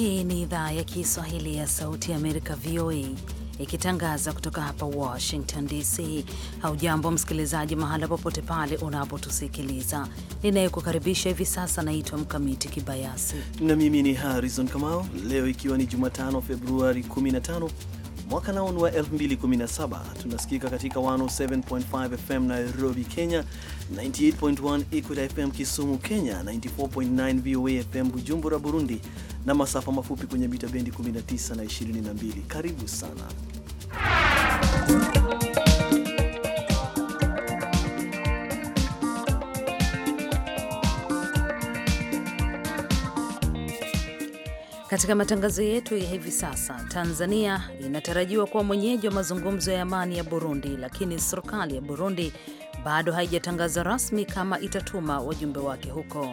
Hii ni idhaa ya Kiswahili ya Sauti ya Amerika, VOA, ikitangaza kutoka hapa Washington DC. Haujambo msikilizaji, mahala popote pale unapotusikiliza. Ninayekukaribisha hivi sasa naitwa Mkamiti Kibayasi na mimi ni Harrison Kamau. Leo ikiwa ni Jumatano, Februari 15 Mwaka ni wa 2017 tunasikika katika 107.5 FM Nairobi, Kenya, 98.1 Equity FM Kisumu, Kenya, 94.9 VOA FM Bujumbura, Burundi, na masafa mafupi kwenye mita bendi 19 na 22. Karibu sana Katika matangazo yetu ya hivi sasa, Tanzania inatarajiwa kuwa mwenyeji wa mazungumzo ya amani ya Burundi, lakini serikali ya Burundi bado haijatangaza rasmi kama itatuma wajumbe wake huko.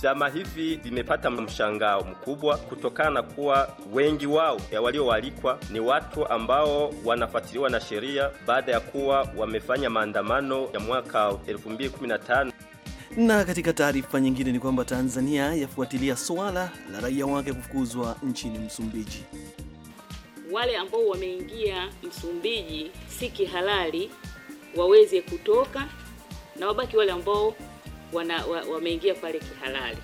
Vyama hivi vimepata mshangao mkubwa kutokana na kuwa wengi wao ya walioalikwa ni watu ambao wanafuatiliwa na sheria baada ya kuwa wamefanya maandamano ya mwaka 2015. Na katika taarifa nyingine ni kwamba Tanzania yafuatilia swala la raia wake kufukuzwa nchini Msumbiji. Wale ambao wameingia Msumbiji si kihalali waweze kutoka na wabaki wale ambao wana, wameingia pale kihalali.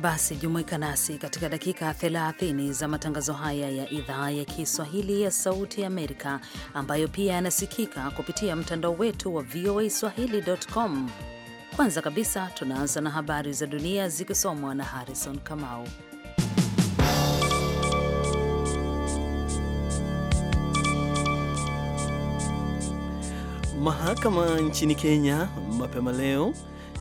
Basi jumuika nasi katika dakika 30 za matangazo haya ya idhaa ya Kiswahili ya Sauti ya Amerika ambayo pia yanasikika kupitia mtandao wetu wa voa Swahili.com. Kwanza kabisa tunaanza na habari za dunia zikisomwa na Harrison Kamau. Mahakama nchini Kenya mapema leo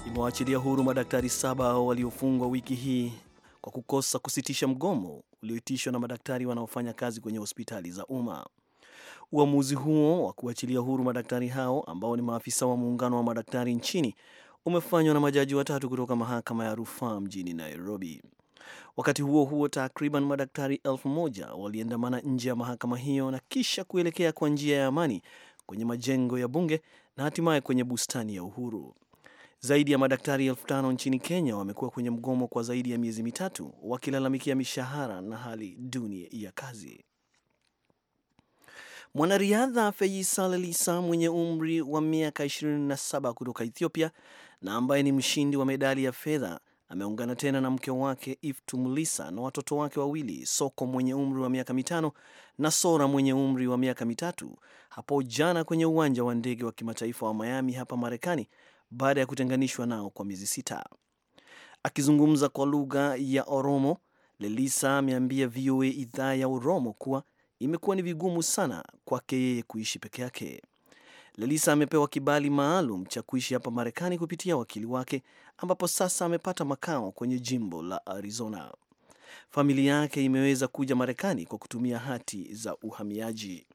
imewaachilia huru madaktari saba waliofungwa wiki hii kwa kukosa kusitisha mgomo ulioitishwa na madaktari wanaofanya kazi kwenye hospitali za umma. Uamuzi huo wa kuachilia huru madaktari hao ambao ni maafisa wa muungano wa madaktari nchini umefanywa na majaji watatu kutoka mahakama ya rufaa mjini Nairobi. Wakati huo huo, takriban madaktari elfu moja waliandamana nje ya mahakama hiyo na kisha kuelekea kwa njia ya amani kwenye majengo ya bunge na hatimaye kwenye bustani ya Uhuru. Zaidi ya madaktari elfu tano nchini Kenya wamekuwa kwenye mgomo kwa zaidi ya miezi mitatu wakilalamikia mishahara na hali duni ya kazi. Mwanariadha Feyisa Lelisa mwenye umri wa miaka 27 kutoka Ethiopia na ambaye ni mshindi wa medali ya fedha ameungana tena na mke wake Iftumlisa na watoto wake wawili, Soko mwenye umri wa miaka mitano na Sora mwenye umri wa miaka mitatu hapo jana kwenye uwanja wa ndege wa kimataifa wa Miami hapa Marekani baada ya kutenganishwa nao kwa miezi sita. Akizungumza kwa lugha ya Oromo, Lelisa ameambia VOA idhaa ya Oromo kuwa imekuwa ni vigumu sana kwake yeye kuishi peke yake. Lelisa amepewa kibali maalum cha kuishi hapa Marekani kupitia wakili wake, ambapo sasa amepata makao kwenye jimbo la Arizona. Familia yake imeweza kuja Marekani kwa kutumia hati za uhamiaji.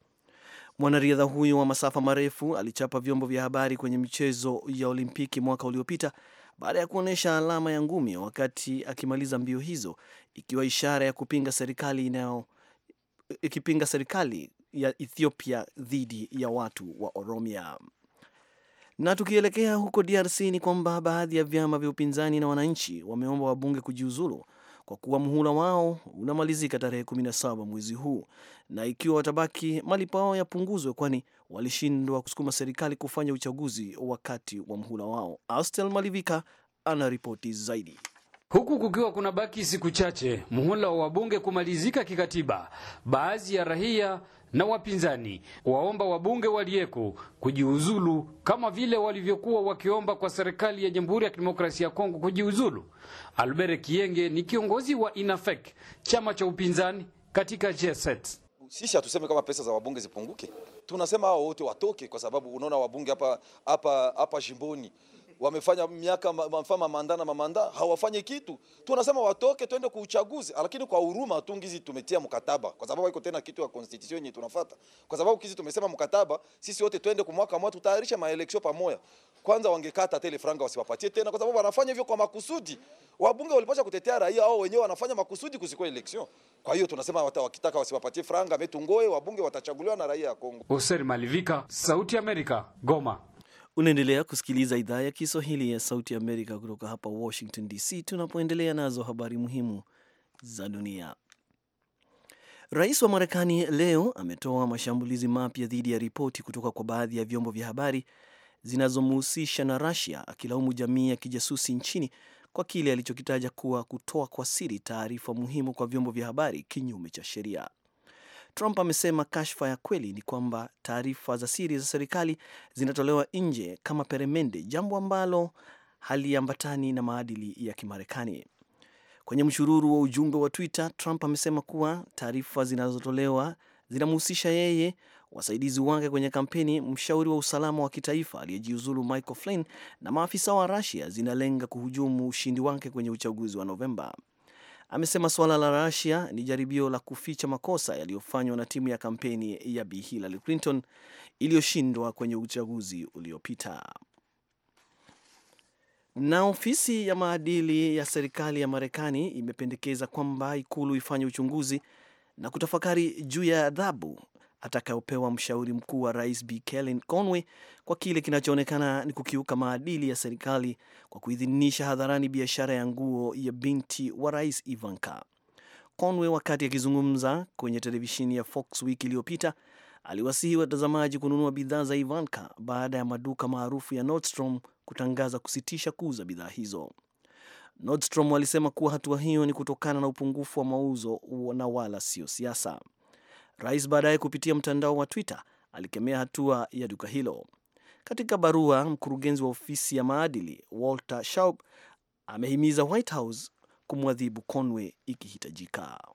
Mwanariadha huyo wa masafa marefu alichapa vyombo vya habari kwenye michezo ya Olimpiki mwaka uliopita baada ya kuonyesha alama ya ngumi wakati akimaliza mbio hizo, ikiwa ishara ya kupinga serikali inayo ikipinga serikali ya Ethiopia dhidi ya watu wa Oromia. Na tukielekea huko DRC ni kwamba baadhi ya vyama vya upinzani na wananchi wameomba wabunge kujiuzulu kwa kuwa muhula wao unamalizika tarehe 17 mwezi huu, na ikiwa watabaki malipo yao yapunguzwe, kwani walishindwa kusukuma serikali kufanya uchaguzi wakati wa muhula wao. Astel Malivika ana ripoti zaidi. Huku kukiwa kuna baki siku chache muhula wa wabunge kumalizika kikatiba, baadhi ya raia na wapinzani waomba wabunge waliyeko kujiuzulu kama vile walivyokuwa wakiomba kwa serikali ya Jamhuri ya Kidemokrasia ya Kongo kujiuzulu. Albert Kienge ni kiongozi wa INAFEC, chama cha upinzani katika JSET. Sisi hatuseme kama pesa za wabunge zipunguke, tunasema hao wote watoke, kwa sababu unaona wabunge hapa hapa hapa jimboni wamefanya miaka mfama mamanda na mamanda hawafanye kitu, tunasema watoke twende kwa uchaguzi, lakini kwa huruma hatungizi tumetia mkataba, kwa sababu iko tena kitu ya constitution yenye tunafuata, kwa sababu kizi tumesema mkataba sisi wote twende kwa mwaka mmoja tutayarisha maeleksio pamoja. Kwanza wangekata tele franga wasiwapatie tena, kwa sababu wanafanya hivyo kwa makusudi. Wabunge walipasha kutetea raia au wenyewe, wanafanya makusudi kusikuwa election. Kwa hiyo tunasema wata wakitaka wasiwapatie franga metungoe, wabunge watachaguliwa na raia ya Kongo. Hussein Malivika, Sauti ya Amerika, Goma. Unaendelea kusikiliza idhaa ya Kiswahili ya Sauti ya Amerika kutoka hapa Washington DC, tunapoendelea nazo habari muhimu za dunia. Rais wa Marekani leo ametoa mashambulizi mapya dhidi ya ripoti kutoka kwa baadhi ya vyombo vya habari zinazomhusisha na rasia akilaumu jamii ya kijasusi nchini kwa kile alichokitaja kuwa kutoa kwa siri taarifa muhimu kwa vyombo vya habari kinyume cha sheria. Trump amesema kashfa ya kweli ni kwamba taarifa za siri za serikali zinatolewa nje kama peremende, jambo ambalo haliambatani na maadili ya Kimarekani. Kwenye mshururu wa ujumbe wa Twitter, Trump amesema kuwa taarifa zinazotolewa zinamhusisha yeye, wasaidizi wake kwenye kampeni, mshauri wa usalama wa kitaifa aliyejiuzulu Michael Flynn na maafisa wa Russia, zinalenga kuhujumu ushindi wake kwenye uchaguzi wa Novemba amesema suala la Russia ni jaribio la kuficha makosa yaliyofanywa na timu ya kampeni ya Bi Hillary Clinton iliyoshindwa kwenye uchaguzi uliopita. Na ofisi ya maadili ya serikali ya Marekani imependekeza kwamba ikulu ifanye uchunguzi na kutafakari juu ya adhabu atakayopewa mshauri mkuu wa rais b Kellyanne Conway kwa kile kinachoonekana ni kukiuka maadili ya serikali kwa kuidhinisha hadharani biashara ya nguo ya binti wa rais Ivanka. Conway, wakati akizungumza kwenye televisheni ya Fox wiki iliyopita, aliwasihi watazamaji kununua bidhaa za Ivanka baada ya maduka maarufu ya Nordstrom kutangaza kusitisha kuuza bidhaa hizo. Nordstrom walisema kuwa hatua hiyo ni kutokana na upungufu wa mauzo na wala sio siasa. Rais baadaye kupitia mtandao wa Twitter alikemea hatua ya duka hilo. Katika barua, mkurugenzi wa ofisi ya maadili Walter Shaub amehimiza White House kumwadhibu Conway ikihitajika.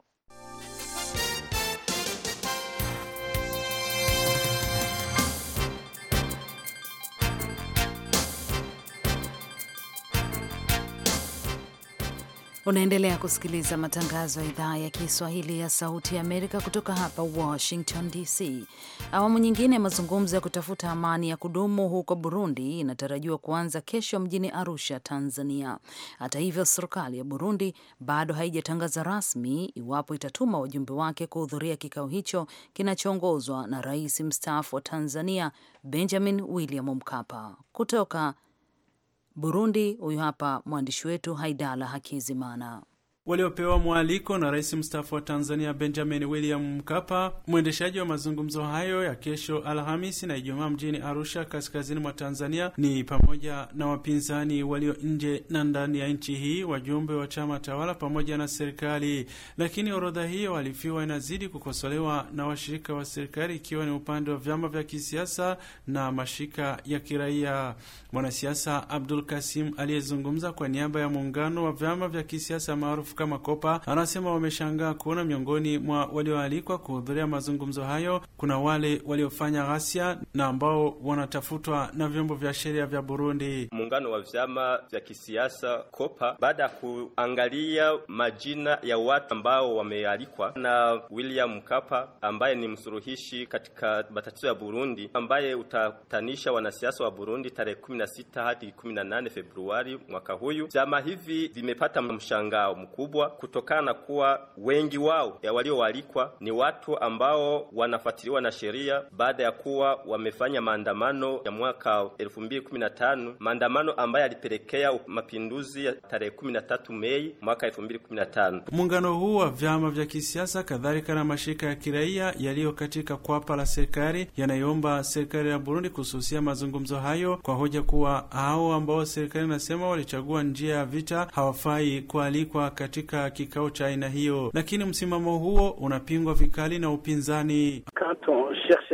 Unaendelea kusikiliza matangazo ya idhaa ya Kiswahili ya Sauti ya Amerika kutoka hapa Washington DC. Awamu nyingine ya mazungumzo ya kutafuta amani ya kudumu huko Burundi inatarajiwa kuanza kesho mjini Arusha, Tanzania. Hata hivyo, serikali ya Burundi bado haijatangaza rasmi iwapo itatuma wajumbe wake kuhudhuria kikao hicho kinachoongozwa na rais mstaafu wa Tanzania Benjamin William Mkapa. Kutoka Burundi, huyu hapa mwandishi wetu Haidala Hakizimana waliopewa mwaliko na rais mstaafu wa Tanzania Benjamin William Mkapa. Mwendeshaji wa mazungumzo hayo ya kesho Alhamisi na Ijumaa mjini Arusha, kaskazini mwa Tanzania, ni pamoja na wapinzani walio nje na ndani ya nchi hii, wajumbe wa chama tawala pamoja na serikali. Lakini orodha hiyo alifiwa inazidi kukosolewa na washirika wa serikali, ikiwa ni upande wa vyama vya kisiasa na mashirika ya kiraia. Mwanasiasa Abdul Kasim aliyezungumza kwa niaba ya muungano wa vyama vya kisiasa maarufu maarufu kama Kopa, anasema wameshangaa kuona miongoni mwa walioalikwa kuhudhuria mazungumzo hayo kuna wale waliofanya ghasia na ambao wanatafutwa na vyombo vya sheria vya Burundi. Muungano wa vyama vya kisiasa Kopa, baada ya kuangalia majina ya watu ambao wamealikwa na William Mkapa ambaye ni msuluhishi katika matatizo ya Burundi, ambaye utakutanisha wanasiasa wa Burundi tarehe 16 hadi 18 Februari mwaka huyu, vyama hivi vimepata mshangao mkuu kubwa kutokana na kuwa wengi wao walioalikwa ni watu ambao wanafuatiliwa na sheria baada ya kuwa wamefanya maandamano ya mwaka 2015, maandamano ambayo yalipelekea mapinduzi ya tarehe 13 Mei mwaka 2015. Muungano huu wa vyama vya kisiasa kadhalika na mashirika ya kiraia yaliyo katika kwapa la serikali yanayoomba serikali ya Burundi kususia mazungumzo hayo kwa hoja kuwa hao ambao serikali inasema walichagua njia ya vita hawafai kualikwa katika kikao cha aina hiyo, lakini msimamo huo unapingwa vikali na upinzani Kato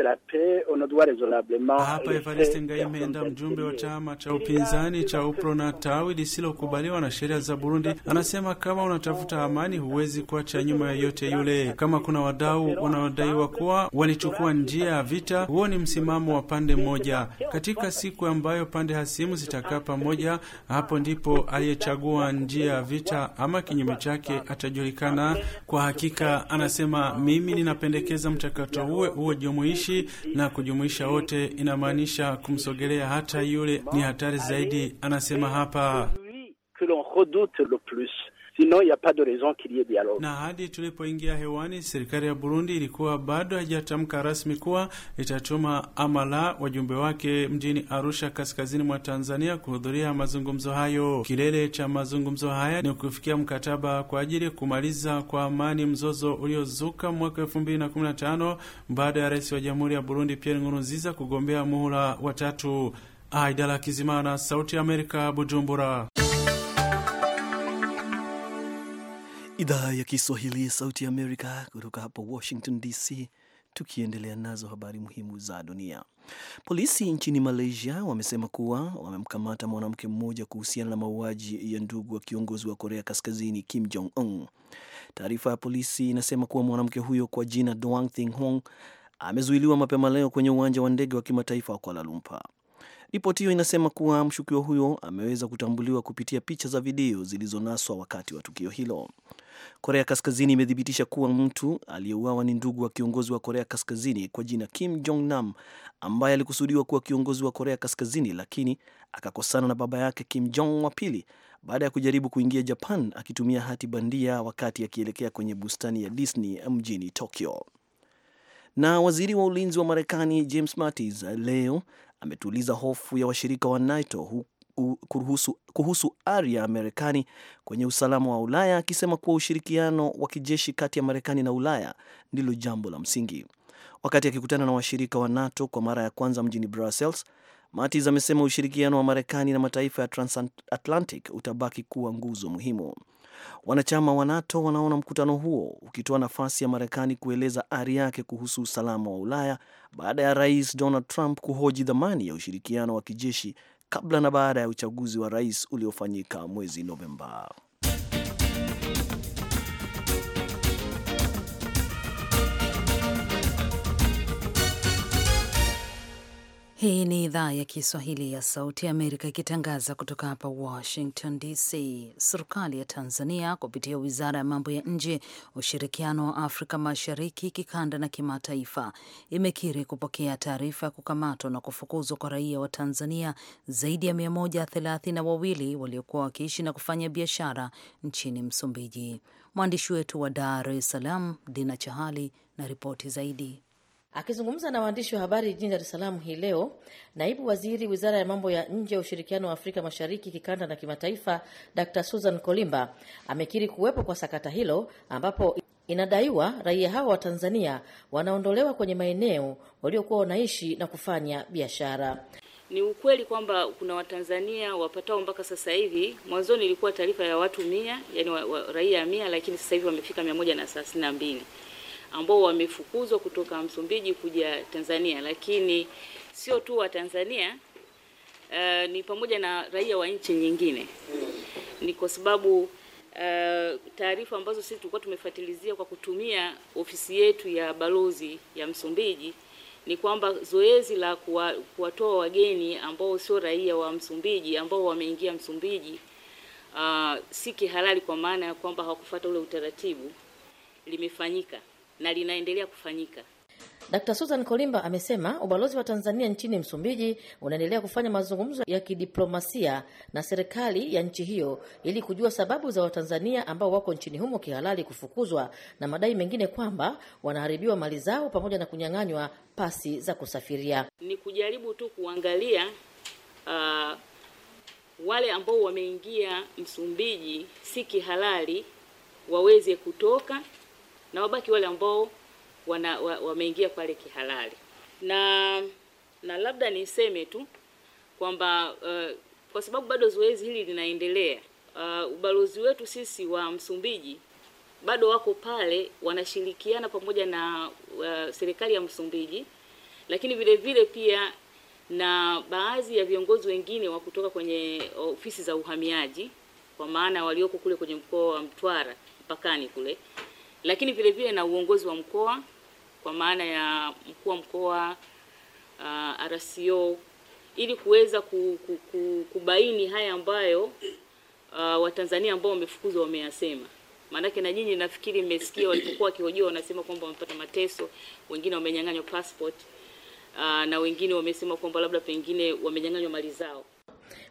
la paix, on doit raisonnablement. Hapa Evariste Ngayimenda, mjumbe wa chama cha upinzani cha UPRONA tawi lisilokubaliwa na sheria za Burundi, anasema kama unatafuta amani huwezi kuacha nyuma yoyote yule. Kama kuna wadau wanaodaiwa kuwa walichukua njia ya vita, huo ni msimamo wa pande moja. Katika siku ambayo pande hasimu zitakaa pamoja, hapo ndipo aliyechagua njia ya vita ama kinyume chake atajulikana kwa hakika. Anasema mimi ninapendekeza mchakato huo huo jumuishi na kujumuisha wote, inamaanisha kumsogelea hata yule ni hatari zaidi, anasema hapa. Sinon, ya pas de raison qu'il y ait dialogue. Na hadi tulipoingia hewani, serikali ya Burundi ilikuwa bado haijatamka rasmi kuwa itatuma amala wajumbe wake mjini Arusha, kaskazini mwa Tanzania, kuhudhuria mazungumzo hayo. Kilele cha mazungumzo haya ni kufikia mkataba kwa ajili ya kumaliza kwa amani mzozo uliozuka mwaka 2015 baada ya rais wa Jamhuri ya Burundi Pierre Nkurunziza kugombea muhula watatu. Aidala Kizimana, Sauti ya Amerika, Bujumbura. Idhaa ya Kiswahili ya Sauti ya Amerika kutoka hapa Washington DC. Tukiendelea nazo habari muhimu za dunia. Polisi nchini Malaysia wamesema kuwa wamemkamata mwanamke mmoja kuhusiana na mauaji ya ndugu wa kiongozi wa Korea Kaskazini Kim Jong Un. Taarifa ya polisi inasema kuwa mwanamke huyo kwa jina Doang Thing Hong amezuiliwa mapema leo kwenye uwanja wa ndege wa kimataifa wa Kuala Lumpur. Ripoti hiyo inasema kuwa mshukiwa huyo ameweza kutambuliwa kupitia picha za video zilizonaswa wakati wa tukio hilo. Korea Kaskazini imethibitisha kuwa mtu aliyeuawa ni ndugu wa kiongozi wa Korea Kaskazini kwa jina Kim Jong Nam, ambaye alikusudiwa kuwa kiongozi wa Korea Kaskazini, lakini akakosana na baba yake Kim Jong wa pili baada ya kujaribu kuingia Japan akitumia hati bandia wakati akielekea kwenye bustani ya Disney mjini Tokyo. Na waziri wa ulinzi wa Marekani James Mattis leo ametuliza hofu ya washirika wa NATO kuruhusu, kuhusu ari ya Marekani kwenye usalama wa Ulaya akisema kuwa ushirikiano wa kijeshi kati ya Marekani na Ulaya ndilo jambo la msingi. Wakati akikutana na washirika wa NATO kwa mara ya kwanza mjini Brussels, Mattis amesema ushirikiano wa Marekani na mataifa ya transatlantic utabaki kuwa nguzo muhimu. Wanachama wa NATO wanaona mkutano huo ukitoa nafasi ya Marekani kueleza ari yake kuhusu usalama wa Ulaya baada ya Rais Donald Trump kuhoji dhamani ya ushirikiano wa kijeshi kabla na baada ya uchaguzi wa rais uliofanyika mwezi Novemba. Hii ni idhaa ya Kiswahili ya Sauti ya Amerika ikitangaza kutoka hapa Washington DC. Serikali ya Tanzania kupitia Wizara ya Mambo ya Nje, Ushirikiano wa Afrika Mashariki, Kikanda na Kimataifa imekiri kupokea taarifa ya kukamatwa na kufukuzwa kwa raia wa Tanzania zaidi ya mia moja thelathini na wawili waliokuwa wakiishi na kufanya biashara nchini Msumbiji. Mwandishi wetu wa Dar es Salaam, Dina Chahali, na ripoti zaidi. Akizungumza na waandishi wa habari jijini Dar es Salaam hii leo, naibu waziri wizara ya mambo ya nje ya ushirikiano wa Afrika Mashariki, kikanda na kimataifa, Dr Susan Kolimba amekiri kuwepo kwa sakata hilo ambapo inadaiwa raia hawa wa Tanzania wanaondolewa kwenye maeneo waliokuwa wanaishi na kufanya biashara. Ni ukweli kwamba kuna Watanzania wapatao mpaka sasa hivi, mwanzoni ilikuwa taarifa ya watu mia, yani wa, wa, raia mia, lakini sasa hivi wamefika mia moja na thelathini na mbili ambao wamefukuzwa kutoka Msumbiji kuja Tanzania, lakini sio tu wa Tanzania uh, ni pamoja na raia wa nchi nyingine. Ni kwa sababu uh, taarifa ambazo sisi tulikuwa tumefuatilizia kwa kutumia ofisi yetu ya balozi ya Msumbiji ni kwamba zoezi la kuwatoa wageni ambao sio raia wa Msumbiji ambao wameingia Msumbiji uh, si kihalali kwa maana ya kwamba hawakufuata ule utaratibu limefanyika na linaendelea kufanyika. Dr. Susan Kolimba amesema ubalozi wa Tanzania nchini Msumbiji unaendelea kufanya mazungumzo ya kidiplomasia na serikali ya nchi hiyo ili kujua sababu za Watanzania ambao wako nchini humo kihalali kufukuzwa na madai mengine kwamba wanaharibiwa mali zao pamoja na kunyang'anywa pasi za kusafiria. Ni kujaribu tu kuangalia uh, wale ambao wameingia Msumbiji si kihalali waweze kutoka na wabaki wale ambao wana wameingia pale kihalali. Na na labda niseme tu kwamba uh, kwa sababu bado zoezi hili linaendelea, uh, ubalozi wetu sisi wa Msumbiji bado wako pale wanashirikiana pamoja na uh, serikali ya Msumbiji, lakini vile vile pia na baadhi ya viongozi wengine wa kutoka kwenye ofisi za uhamiaji, kwa maana walioko kule kwenye mkoa wa Mtwara mpakani kule lakini vile vile na uongozi wa mkoa kwa maana ya mkuu wa mkoa uh, RCO ili kuweza kubaini haya ambayo uh, Watanzania ambao wamefukuzwa wameyasema. Maanake na nyinyi nafikiri mmesikia walipokuwa wakihojiwa wanasema kwamba wamepata mateso, wengine wamenyang'anywa passport uh, na wengine wamesema kwamba labda pengine wamenyang'anywa mali zao.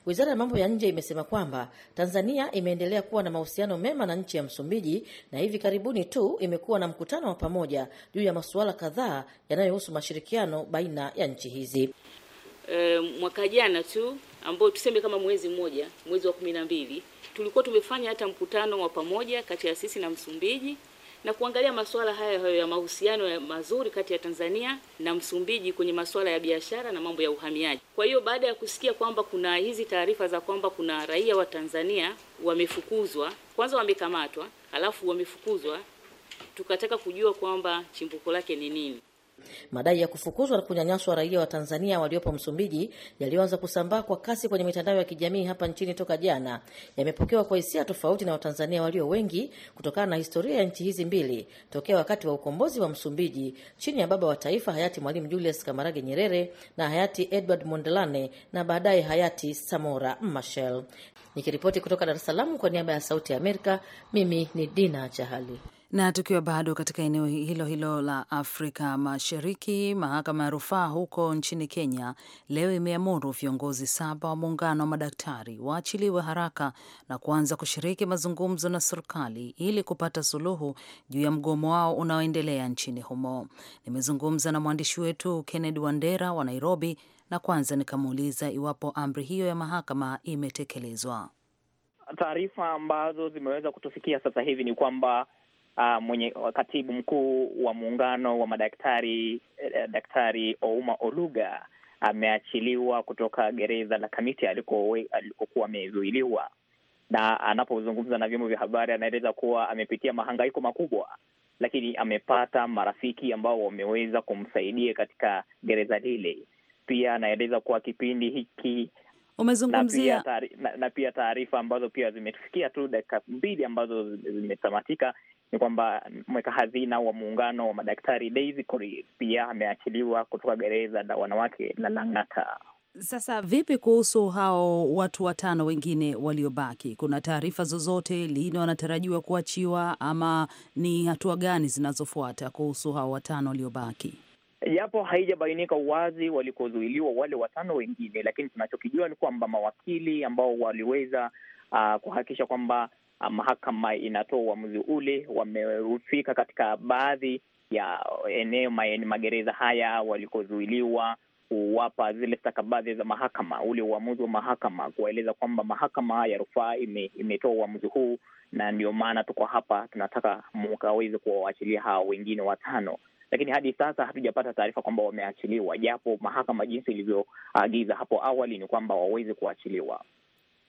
Wizara ya mambo ya nje imesema kwamba Tanzania imeendelea kuwa na mahusiano mema na nchi ya Msumbiji na hivi karibuni tu imekuwa na mkutano wa pamoja juu ya masuala kadhaa yanayohusu mashirikiano baina ya nchi hizi. E, mwaka jana tu ambao tuseme kama mwezi mmoja, mwezi wa kumi na mbili, tulikuwa tumefanya hata mkutano wa pamoja kati ya sisi na Msumbiji na kuangalia masuala haya hayo ya mahusiano mazuri kati ya Tanzania na Msumbiji kwenye masuala ya biashara na mambo ya uhamiaji. Kwa hiyo baada ya kusikia kwamba kuna hizi taarifa za kwamba kuna raia wa Tanzania wamefukuzwa, kwanza wamekamatwa, alafu wamefukuzwa, tukataka kujua kwamba chimbuko lake ni nini. Madai ya kufukuzwa na kunyanyaswa raia wa Tanzania waliopo Msumbiji yaliyoanza kusambaa kwa kasi kwenye mitandao ya kijamii hapa nchini toka jana yamepokewa kwa hisia tofauti na Watanzania walio wengi kutokana na historia ya nchi hizi mbili tokea wakati wa ukombozi wa Msumbiji chini ya baba wa taifa hayati Mwalimu Julius Kamarage Nyerere na hayati Edward Mondelane na baadaye hayati Samora Machel. Nikiripoti kutoka Dar es Salaam kwa niaba ya Sauti ya Amerika, mimi ni Dina Chahali. Na tukiwa bado katika eneo hilo hilo la Afrika Mashariki, mahakama ya rufaa huko nchini Kenya leo imeamuru viongozi saba wa muungano wa madaktari waachiliwe haraka na kuanza kushiriki mazungumzo na serikali ili kupata suluhu juu ya mgomo wao unaoendelea nchini humo. Nimezungumza na mwandishi wetu Kennedy Wandera wa Nairobi, na kwanza nikamuuliza iwapo amri hiyo ya mahakama imetekelezwa. Taarifa ambazo zimeweza kutufikia sasa hivi ni kwamba uh, mwenye ah, katibu mkuu wa muungano wa madaktari eh, eh, Daktari Ouma Oluga ameachiliwa kutoka gereza la Kamiti alikokuwa amezuiliwa, na anapozungumza na vyombo vya habari anaeleza kuwa amepitia mahangaiko makubwa, lakini amepata marafiki ambao wameweza kumsaidia katika gereza lile. Pia anaeleza kuwa kipindi hiki umezungumzia na pia taarifa ambazo pia zimetufikia tu dakika mbili ambazo zimetamatika ni kwamba mweka hazina wa muungano wa madaktari Daisy pia ameachiliwa kutoka gereza la wanawake la Lang'ata. Sasa vipi kuhusu hao watu watano wengine waliobaki? Kuna taarifa zozote lini wanatarajiwa kuachiwa, ama ni hatua gani zinazofuata kuhusu hao watano waliobaki? japo haijabainika uwazi walikozuiliwa wale watano wengine, lakini tunachokijua ni kwamba mawakili ambao waliweza uh, kuhakikisha kwamba uh, mahakama inatoa uamuzi ule wamefika katika baadhi ya eneo magereza haya walikozuiliwa kuwapa zile stakabadhi za mahakama, ule uamuzi wa mahakama, kuwaeleza kwamba mahakama ya rufaa ime, imetoa uamuzi huu, na ndio maana tuko hapa, tunataka mkaweze kuwawachilia hawa wengine watano lakini hadi sasa hatujapata taarifa kwamba wameachiliwa, japo mahakama jinsi ilivyoagiza hapo awali ni kwamba waweze kuachiliwa.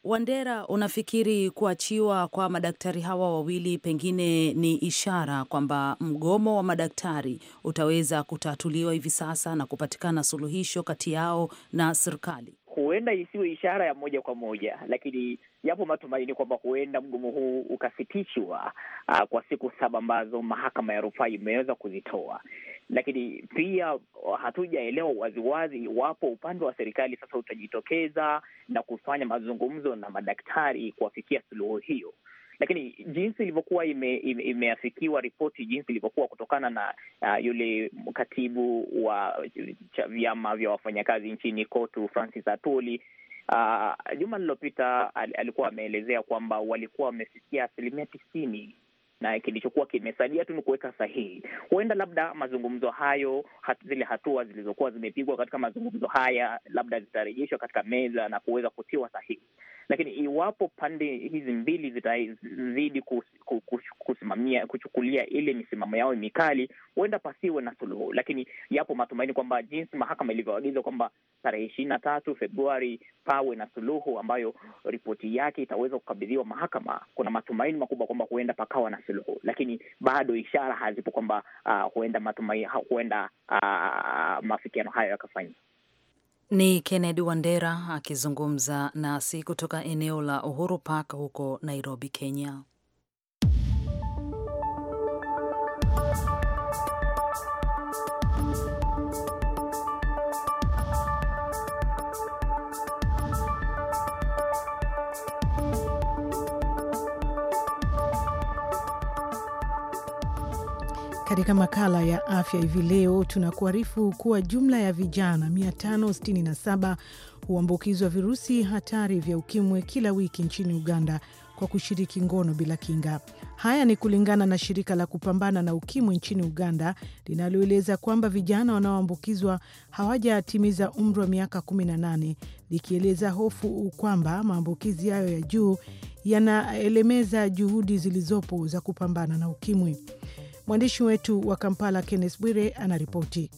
Wandera, unafikiri kuachiwa kwa madaktari hawa wawili pengine ni ishara kwamba mgomo wa madaktari utaweza kutatuliwa hivi sasa na kupatikana suluhisho kati yao na serikali? Huenda isiwe ishara ya moja kwa moja, lakini yapo matumaini kwamba huenda mgomo huu ukasitishwa uh, kwa siku saba ambazo mahakama ya rufaa imeweza kuzitoa, lakini pia ah, hatujaelewa waziwazi iwapo upande wa serikali sasa utajitokeza na kufanya mazungumzo na madaktari kuwafikia suluhu hiyo lakini jinsi ilivyokuwa imeafikiwa ime, ime ripoti jinsi ilivyokuwa kutokana na uh, yule katibu wa vyama vya wafanyakazi nchini KOTU Francis Atuli Uh, juma lililopita al, alikuwa ameelezea kwamba walikuwa wamefikia asilimia tisini na kilichokuwa kimesalia tu ni kuweka sahihi. Huenda labda mazungumzo hayo hat, zile hatua zilizokuwa zimepigwa katika mazungumzo haya labda zitarejeshwa katika meza na kuweza kutiwa sahihi. Lakini iwapo pande hizi mbili zitazidi kusimamia kuchukulia ile misimamo yao mikali, huenda pasiwe na suluhu. Lakini yapo matumaini kwamba jinsi mahakama ilivyoagiza kwamba tarehe ishirini na tatu Februari pawe na suluhu ambayo ripoti yake itaweza kukabidhiwa mahakama, kuna matumaini makubwa kwamba huenda pakawa na suluhu, lakini bado ishara hazipo kwamba uh, huenda huenda uh, mafikiano hayo yakafanyika. Ni Kennedy Wandera akizungumza nasi kutoka eneo la Uhuru Park huko Nairobi, Kenya. Katika makala ya afya hivi leo tunakuarifu kuwa jumla ya vijana 567 huambukizwa virusi hatari vya ukimwi kila wiki nchini Uganda kwa kushiriki ngono bila kinga. Haya ni kulingana na shirika la kupambana na ukimwi nchini Uganda linaloeleza kwamba vijana wanaoambukizwa hawajatimiza umri wa miaka 18, likieleza hofu kwamba maambukizi hayo ya juu yanaelemeza juhudi zilizopo za kupambana na ukimwi. Mwandishi wetu wa Kampala, kennes Bwire, anaripoti.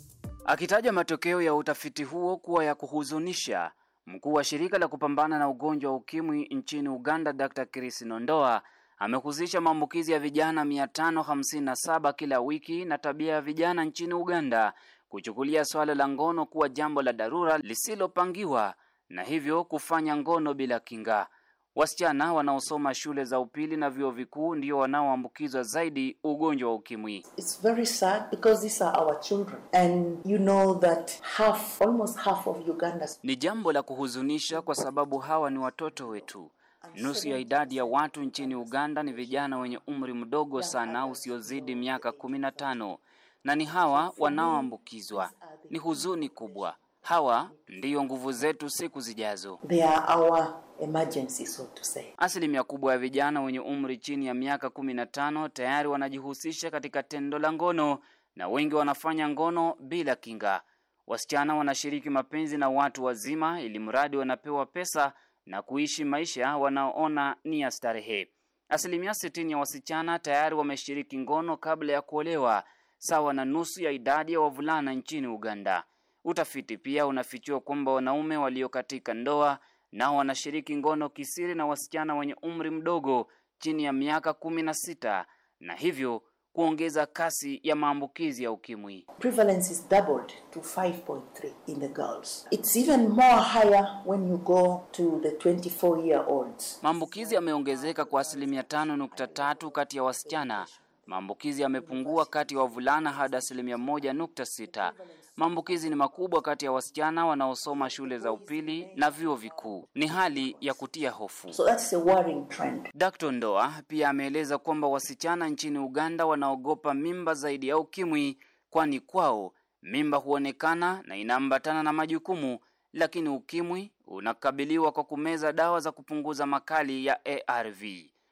Akitaja matokeo ya utafiti huo kuwa ya kuhuzunisha, mkuu wa shirika la kupambana na ugonjwa wa ukimwi nchini Uganda, Dr Chris Nondoa amehusisha maambukizi ya vijana 557 kila wiki na tabia ya vijana nchini Uganda kuchukulia swala la ngono kuwa jambo la dharura lisilopangiwa na hivyo kufanya ngono bila kinga. Wasichana wanaosoma shule za upili na vyuo vikuu ndio wanaoambukizwa zaidi ugonjwa wa ukimwi. It's very sad because these are our children and you know that half, almost half of Uganda's. Ni jambo la kuhuzunisha kwa sababu hawa ni watoto wetu. Nusu ya idadi ya watu nchini Uganda ni vijana wenye umri mdogo sana usiozidi miaka kumi na tano na ni hawa wanaoambukizwa. Ni huzuni kubwa. Hawa ndiyo nguvu zetu siku zijazo. They are our emergency, so to say. Asilimia kubwa ya vijana wenye umri chini ya miaka kumi na tano tayari wanajihusisha katika tendo la ngono na wengi wanafanya ngono bila kinga. Wasichana wanashiriki mapenzi na watu wazima, ili mradi wanapewa pesa na kuishi maisha wanaoona ni ya starehe. Asilimia sitini ya wasichana tayari wameshiriki ngono kabla ya kuolewa, sawa na nusu ya idadi ya wavulana nchini Uganda. Utafiti pia unafichua kwamba wanaume walio katika ndoa nao wanashiriki ngono kisiri na wasichana wenye umri mdogo chini ya miaka kumi na sita na hivyo kuongeza kasi ya maambukizi ya ukimwi. Prevalence is doubled to 5.3 in the girls. It's even more higher when you go to the 24 year olds. Maambukizi yameongezeka kwa asilimia 5.3 kati ya wasichana Maambukizi yamepungua kati ya wavulana hadi asilimia moja nukta sita. Maambukizi ni makubwa kati ya wasichana wanaosoma shule za upili na vyuo vikuu. Ni hali ya kutia hofu. So that's a worrying trend. Dr. Ndoa pia ameeleza kwamba wasichana nchini Uganda wanaogopa mimba zaidi ya ukimwi, kwani kwao mimba huonekana na inaambatana na majukumu, lakini ukimwi unakabiliwa kwa kumeza dawa za kupunguza makali ya ARV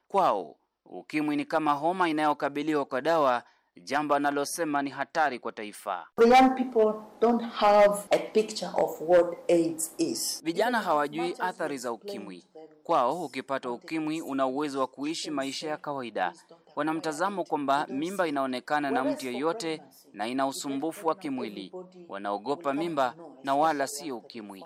kwao ukimwi ni kama homa inayokabiliwa kwa dawa, jambo analosema ni hatari kwa taifa. The young people don't have a picture of what AIDS is. Vijana hawajui athari za ukimwi. Kwao ukipata ukimwi una uwezo wa kuishi maisha ya kawaida, wana mtazamo kwamba mimba inaonekana na mtu yeyote na ina usumbufu wa kimwili. Wanaogopa mimba na wala sio ukimwi.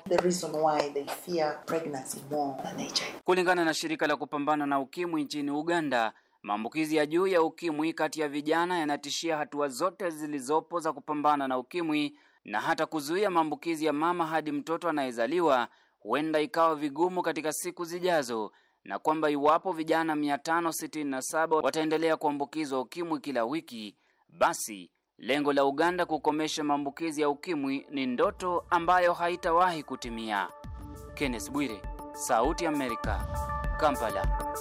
Kulingana na shirika la kupambana na ukimwi nchini Uganda, maambukizi ya juu ya ukimwi kati ya vijana yanatishia hatua zote zilizopo za kupambana na ukimwi na hata kuzuia maambukizi ya mama hadi mtoto anayezaliwa huenda ikawa vigumu katika siku zijazo na kwamba iwapo vijana 567 wataendelea kuambukizwa ukimwi kila wiki, basi lengo la Uganda kukomesha maambukizi ya ukimwi ni ndoto ambayo haitawahi kutimia. Kenneth Bwire, Sauti ya Amerika, Kampala.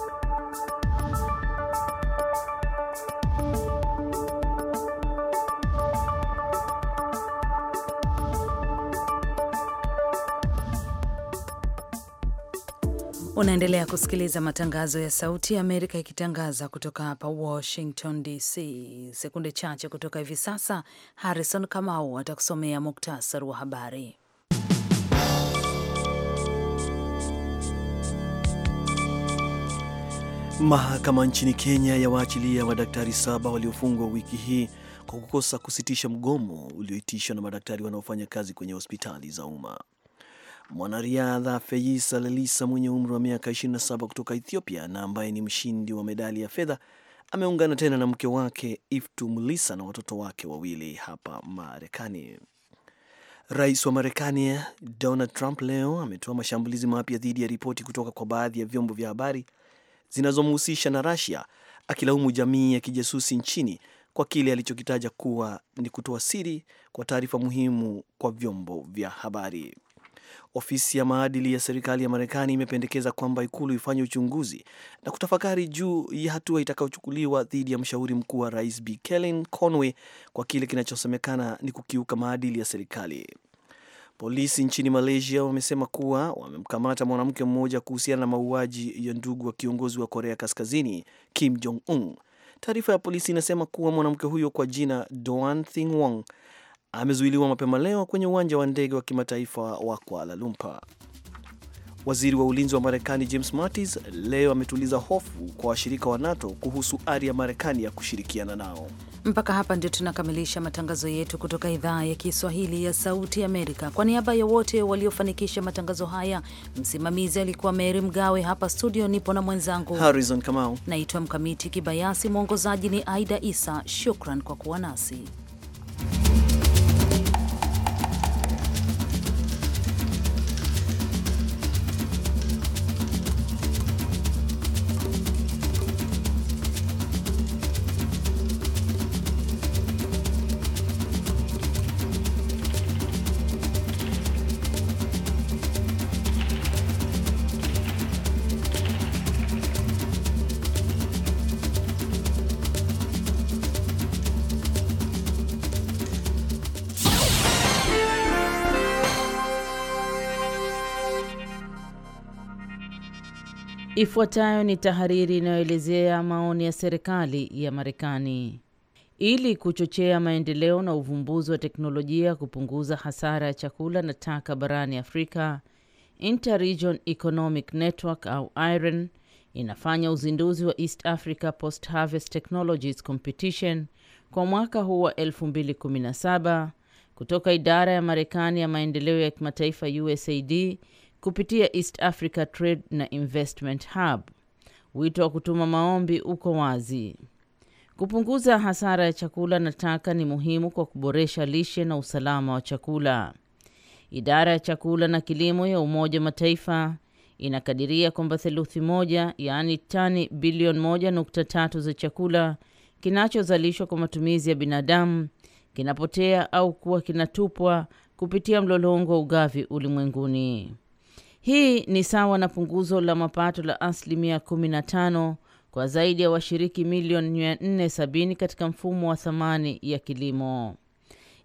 Unaendelea kusikiliza matangazo ya Sauti ya Amerika ikitangaza kutoka hapa Washington DC. Sekunde chache kutoka hivi sasa, Harrison Kamau atakusomea muktasari wa habari. Mahakama nchini Kenya yawaachilia madaktari saba waliofungwa wiki hii kwa kukosa kusitisha mgomo ulioitishwa na madaktari wanaofanya kazi kwenye hospitali za umma. Mwanariadha Feyisa Lelisa mwenye umri wa miaka 27 kutoka Ethiopia na ambaye ni mshindi wa medali ya fedha ameungana tena na mke wake Iftu Mulisa na watoto wake wawili hapa Marekani. Rais wa Marekani Donald Trump leo ametoa mashambulizi mapya dhidi ya ripoti kutoka kwa baadhi ya vyombo vya habari zinazomhusisha na rasia akilaumu jamii ya kijasusi nchini kwa kile alichokitaja kuwa ni kutoa siri kwa taarifa muhimu kwa vyombo vya habari. Ofisi ya maadili ya serikali ya Marekani imependekeza kwamba ikulu ifanye uchunguzi na kutafakari juu ya hatua itakayochukuliwa dhidi ya mshauri mkuu wa rais B Kellyanne Conway kwa kile kinachosemekana ni kukiuka maadili ya serikali. Polisi nchini Malaysia wamesema kuwa wamemkamata mwanamke mmoja kuhusiana na mauaji ya ndugu wa kiongozi wa Korea Kaskazini Kim Jong Un. Taarifa ya polisi inasema kuwa mwanamke huyo kwa jina Doan Thing Wong amezuiliwa mapema leo kwenye uwanja wa ndege wa kimataifa wa Kuala Lumpur. Waziri wa ulinzi wa Marekani James Mattis leo ametuliza hofu kwa washirika wa NATO kuhusu ari ya Marekani ya kushirikiana nao. Mpaka hapa ndio tunakamilisha matangazo yetu kutoka idhaa ya Kiswahili ya Sauti Amerika. Kwa niaba ya wote waliofanikisha matangazo haya, msimamizi alikuwa Meri Mgawe. Hapa studio nipo na mwenzangu Harrison Kamau, naitwa Mkamiti Kibayasi, mwongozaji ni Aida Isa. Shukran kwa kuwa nasi. Ifuatayo ni tahariri inayoelezea maoni ya serikali ya Marekani. Ili kuchochea maendeleo na uvumbuzi wa teknolojia, kupunguza hasara ya chakula na taka barani Afrika, Interregion Economic Network au IREN inafanya uzinduzi wa East Africa Post Harvest Technologies Competition kwa mwaka huu wa 2017 kutoka idara ya Marekani ya maendeleo ya kimataifa USAID kupitia East Africa Trade na Investment Hub. Wito wa kutuma maombi uko wazi. Kupunguza hasara ya chakula na taka ni muhimu kwa kuboresha lishe na usalama wa chakula. Idara ya chakula na kilimo ya Umoja wa Mataifa inakadiria kwamba theluthi moja, yaani tani bilioni moja nukta tatu za chakula kinachozalishwa kwa matumizi ya binadamu kinapotea au kuwa kinatupwa kupitia mlolongo wa ugavi ulimwenguni. Hii ni sawa na punguzo la mapato la asilimia 15 kwa zaidi ya washiriki milioni 470 katika mfumo wa thamani ya kilimo,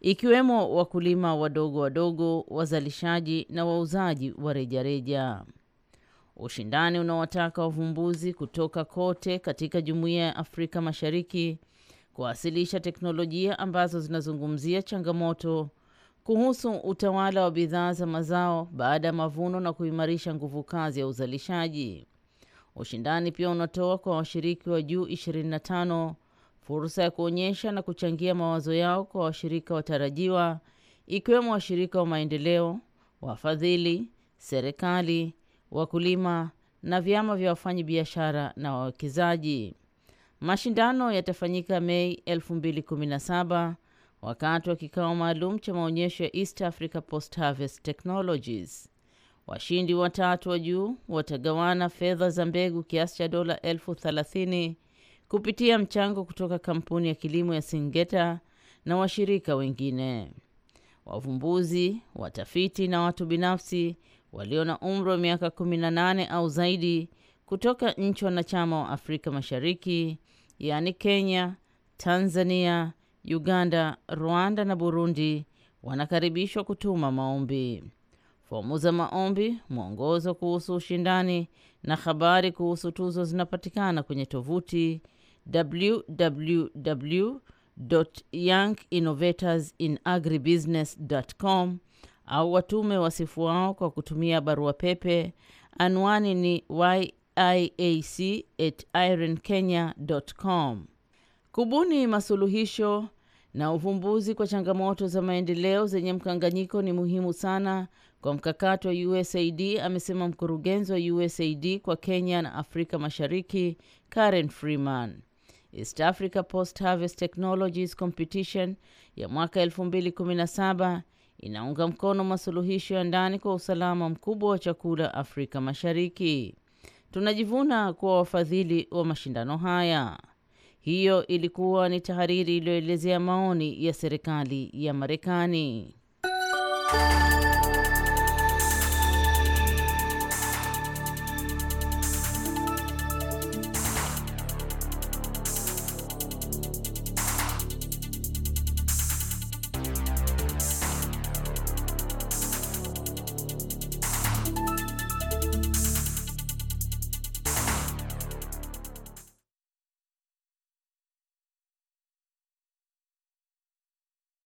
ikiwemo wakulima wadogo wadogo, wazalishaji na wauzaji wa rejareja. Ushindani unaowataka wavumbuzi kutoka kote katika jumuiya ya Afrika Mashariki kuwasilisha teknolojia ambazo zinazungumzia changamoto kuhusu utawala wa bidhaa za mazao baada ya mavuno na kuimarisha nguvu kazi ya uzalishaji. Ushindani pia unatoa kwa washiriki wa juu 25 fursa ya kuonyesha na kuchangia mawazo yao kwa washirika watarajiwa, ikiwemo washirika wa maendeleo, wafadhili, serikali, wakulima na vyama vya wafanyi biashara na wawekezaji. Mashindano yatafanyika Mei 2017 wakati wa kikao maalum cha maonyesho ya East Africa Post Harvest Technologies. Washindi watatu wa juu watagawana fedha za mbegu kiasi cha dola elfu thelathini kupitia mchango kutoka kampuni ya kilimo ya singeta na washirika wengine. Wavumbuzi, watafiti na watu binafsi walio na umri wa miaka 18 au zaidi kutoka nchi wanachama wa Afrika Mashariki, yaani Kenya, Tanzania, Uganda, Rwanda na Burundi wanakaribishwa kutuma maombi. Fomu za maombi, mwongozo kuhusu ushindani na habari kuhusu tuzo zinapatikana kwenye tovuti www.younginnovatorsinagribusiness.com au watume wasifu wao kwa kutumia barua pepe. Anwani ni yiac@ironkenya.com. Kubuni masuluhisho na uvumbuzi kwa changamoto za maendeleo zenye mkanganyiko ni muhimu sana kwa mkakati wa USAID, amesema mkurugenzi wa USAID kwa Kenya na Afrika Mashariki, Karen Freeman. East Africa Post Harvest Technologies Competition ya mwaka 2017 inaunga mkono masuluhisho ya ndani kwa usalama mkubwa wa chakula Afrika Mashariki. Tunajivuna kuwa wafadhili wa mashindano haya. Hiyo ilikuwa ni tahariri iliyoelezea maoni ya serikali ya Marekani.